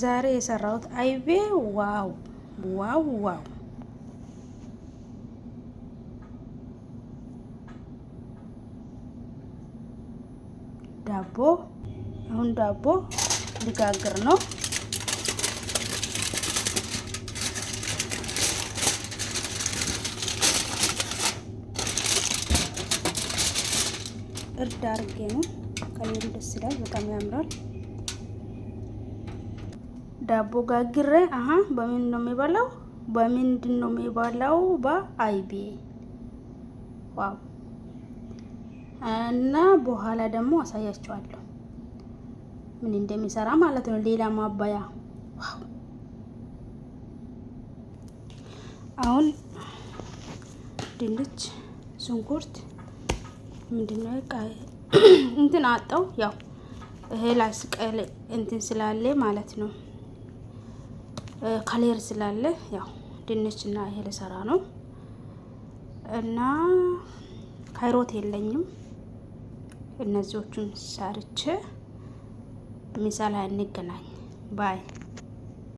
ዛሬ የሰራሁት አይቤ ዋው ዋው ዋው ዳቦ አሁን ዳቦ ሊጋግር ነው። እርድ ነው። ከሌሉ ደስ ይላል። በጣም ያምራል። ዳቦ ጋግሬ አሀ በምን ነው የሚበላው? በምንድን ነው የሚበላው? በአይቤ ዋው። እና በኋላ ደግሞ አሳያቸዋለሁ ምን እንደሚሰራ ማለት ነው። ሌላ ማባያ ዋው። አሁን ድንች፣ ሽንኩርት ምንድነው እንትን አጣው ያው እህል አስቀል እንትን ስላለ ማለት ነው። ካሌር ስላለ ያው ድንች እና ይሄ ልሰራ ነው እና ካይሮት የለኝም። እነዚዎቹን ሰርቼ ምሳ ላይ እንገናኝ ባይ